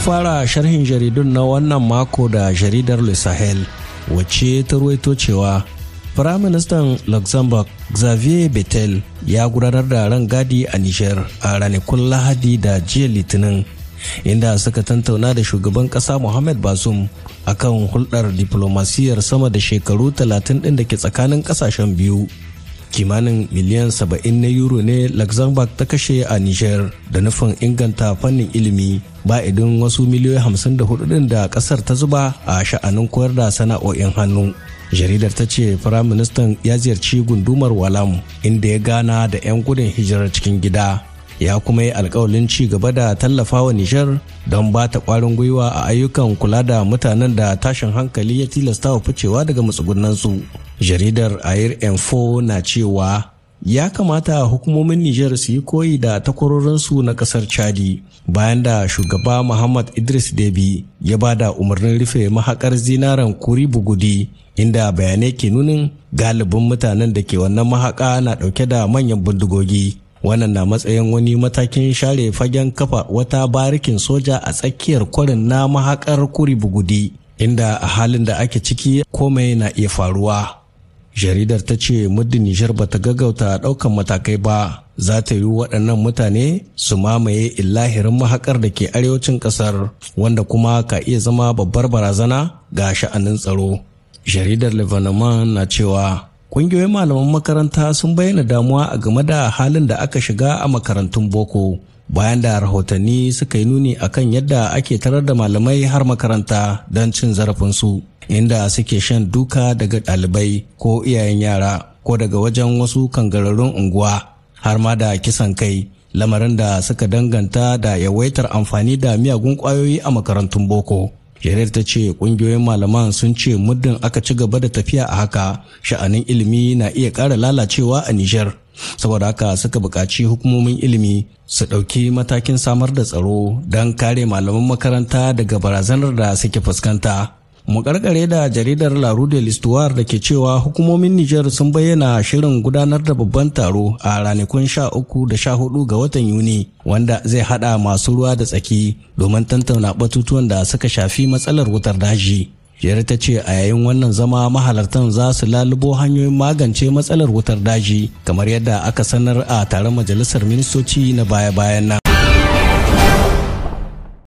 fara sharhin jaridun na wannan mako da jaridar le sahel wacce ta ruwaito cewa firaministan luxembourg xavier betel ya gudanar da ran gadi a niger a ranakun lahadi da jiya litinin inda suka tantauna da shugaban kasa mohamed Bazoum akan hulɗar diplomasiyar sama da shekaru 30 ɗin da ke tsakanin ƙasashen biyu. kimanin miliyan 70 na euro ne luxembourg ta kashe a niger da nufin inganta fannin ilimi ba idin wasu miliyoyi 54 din da kasar ta zuba a sha'anin koyar da sana'o'in hannu jaridar ta ce firaministan ya ziyarci gundumar walam inda ya gana da 'yan gudun hijirar cikin gida ya kuma yi alkawalin ci gaba da tallafawa Nijar don ba ta kwarin gwiwa a ayyukan kula da mutanen da tashin hankali ya tilasta wa ficewa daga matsugunansu. jaridar air info na cewa ya kamata hukumomin Nijar su yi koyi da takwarorinsu na kasar Chadi bayan da shugaba Muhammad Idris Debi ya ba da umarnin rufe mahakar zinaren kuri bugudi inda bayanai ke nunin galibin mutanen da ke wannan mahaka na dauke da manyan bindigogi. Wannan na matsayin wani matakin share fagen kafa wata barikin soja a tsakiyar kwarin na mahakar kuri bugudi inda a halin da ake ciki komai na iya faruwa. jaridar ta ce muddin nijar ba ta gaggauta daukan matakai ba za ta yi waɗannan mutane su mamaye illahirin mahakar da ke arewacin ƙasar wanda kuma ka iya zama babbar barazana ga sha'anin tsaro jaridar levanaman na cewa ƙungiyoyin malaman makaranta sun bayyana damuwa a game da halin da aka shiga a makarantun boko bayan da rahotanni suka yi nuni akan yadda ake tarar da malamai har makaranta don cin zarafinsu inda suke shan duka daga ɗalibai ko iyayen yara ko daga wajen wasu kangararrun unguwa har ma da kisan kai lamarin da suka danganta da yawaitar amfani da miyagun ƙwayoyi a makarantun boko jarir ta ce ƙungiyoyin malaman sun ce muddin aka ci gaba da tafiya a haka sha'anin ilimi na iya ƙara lalacewa a nijar saboda haka suka buƙaci hukumomin ilimi su ɗauki matakin samar da tsaro don kare malaman makaranta daga barazanar da suke fuskanta mu da jaridar la rue de da ke cewa hukumomin niger sun bayyana shirin gudanar da babban taro a ranakun sha uku da sha 14 ga watan yuni wanda zai hada masu ruwa da tsaki domin tantauna batutuwan da suka shafi matsalar wutar daji jere ta ce a yayin wannan zama mahalartan za su lalubo hanyoyin magance matsalar wutar daji kamar yadda aka sanar a taron majalisar ministoci na baya-bayan nan